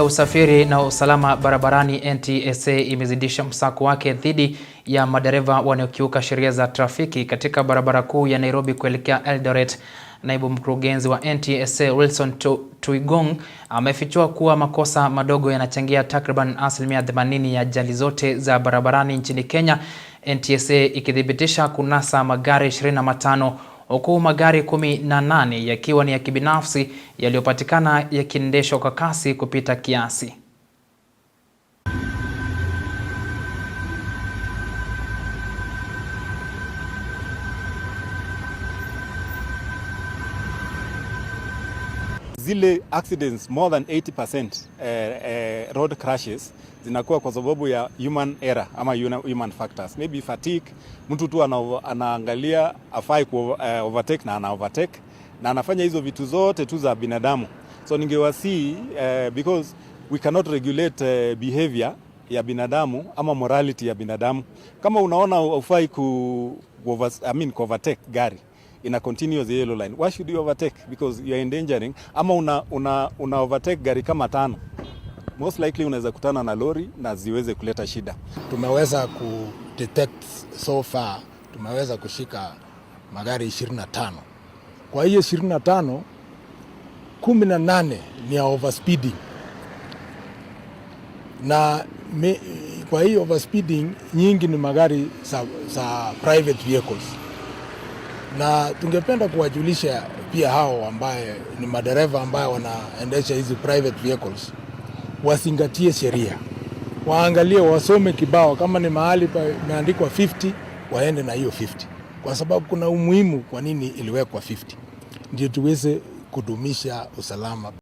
ya usafiri na usalama barabarani NTSA imezidisha msako wake dhidi ya madereva wanaokiuka sheria za trafiki katika barabara kuu ya Nairobi kuelekea Eldoret. Naibu mkurugenzi wa NTSA Wilson Tuigong amefichua kuwa makosa madogo yanachangia takriban asilimia 80 ya ajali zote za barabarani nchini Kenya, NTSA ikithibitisha kunasa magari 25 huku magari kumi na nane yakiwa ni ya kibinafsi yaliyopatikana yakiendeshwa kwa kasi kupita kiasi. Zile accidents more than 80% eh, eh, road crashes zinakuwa kwa sababu ya human error ama human factors, maybe fatigue, mtu tu anaangalia afai ku uh, overtake na ana overtake na anafanya hizo vitu zote tu za binadamu. So ningewasi uh, eh, because we cannot regulate uh, behavior ya binadamu ama morality ya binadamu. Kama unaona ufai ku over, I mean, ku overtake gari in a continuous yellow line, why should you overtake because you are endangering ama una, una, una overtake gari kama tano most likely unaweza kutana na lori na ziweze kuleta shida. Tumeweza ku detect so far, tumeweza kushika magari 25. Kwa hiyo 25, 18 ni ya overspeeding na me, kwa hiyo overspeeding nyingi ni magari za, za private vehicles, na tungependa kuwajulisha pia hao ambaye ni madereva ambayo wanaendesha hizi private vehicles wazingatie sheria, waangalie, wasome kibao, kama ni mahali imeandikwa 50 waende na hiyo 50, kwa sababu kuna umuhimu kwa nini iliwekwa 50, ndio tuweze kudumisha usalama.